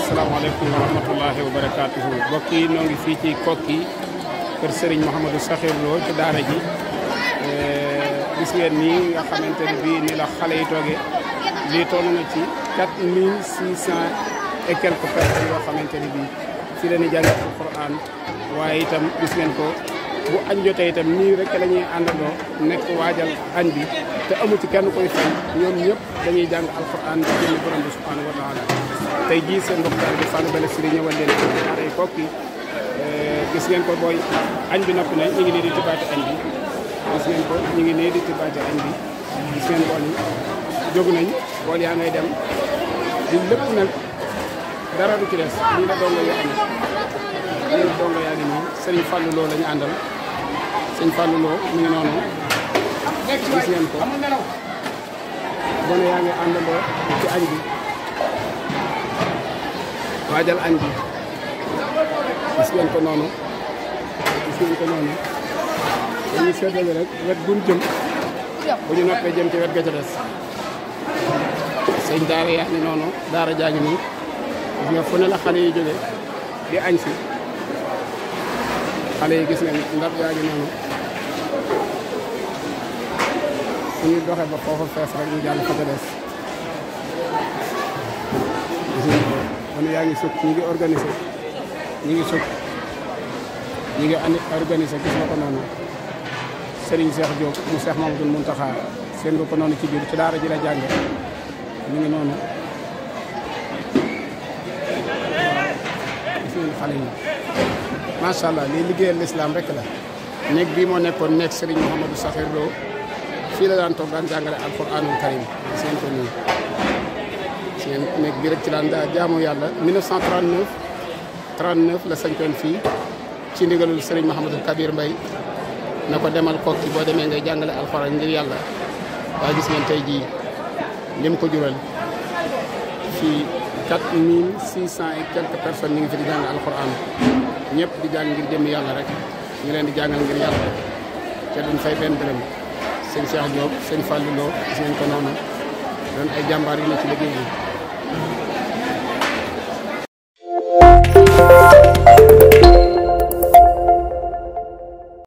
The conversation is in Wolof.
asalaamaaleykum wa rahmatullahi wa barakaatuhu mbokk yi ñoo ngi fii ci Koki kër sëriñ Mouhamadou Sakhir lool te daara ji eh, gis ngeen nii nga xamante ne bii ni la xale yi toogee lii toll na ci 4600 et quelques personnes yoo xamante ne bii ci la ñuy waaye itam gis ngeen ko. bu añ jotee itam nii rek la ñuy nekk waajal añ bi te amu ci kenn koy fay ñoom ñëpp dañuy jàng alxuraan di jënd borom bi subhaanahu wa taala tey jii seen mbokk daal bi Fallou Balla Syll ñëwal leen ay kook yi eh, gis ngeen ko booy añ bi noppi na ñu ngi nii ñu ngi nii di tibaati añ nañ bool yaa ngay ci des lii la dongo yoo amee lii la àndal sëñ Fallou Lo mi ngi noonu gis ngeen ko gone yaa ngi àndandoo ci añ bi waajal añ bi gis ngeen ko noonu gis ngeen ko noonu dañuy seddale rek wet gun jëm bu ñu noppee jëm ci wet ga ca des sëñ daara yaa ngi noonu daara jaa ngi nii gis fu ne la xale yi jóge di añ si xale yi gis ngeen ndab yaa ngi noonu ñuy doxe ba foofu fees rek ñu jàll fa ca des yaa ngi sukk ñu ngi organisé ñu ngi sukk ñu ngi organisé gis nga ko noonu Serigne Cheikh Diop mu Cheikh Mamadou Mountakha seen nga ko noonu ci biir ci daara ji la jànge mu ngi noonu gis ngeen xale yi macha allah lii liggéeyal lislaam rek la néeg bii moo nekkoon nekk Serigne Mouhamadou Sakhir Lo fii la daan toog daan jàngale alquranul karim gis ngeen ko nii gis ngeen nekk bi rek ci daan jaamu yàlla 1939 la sañcoon fii ci ndigalul Serigne Mahamadou Kabir mbay na ko demal kokki boo demee ngay jàngale alquran ngir yàlla waaye gis ngeen tey jii lim ko jural fii 4600 et quelques personnes ñu ngi fi di jàng ñëpp di jàng ngir jëm yàlla rek ñu leen di jàngal ngir yàlla te benn dërëm sëñ Cheikh Diop sëñ Fallou Lo gis nañ ko noonu doon ay jàmbaar yu ne ci liggéey bi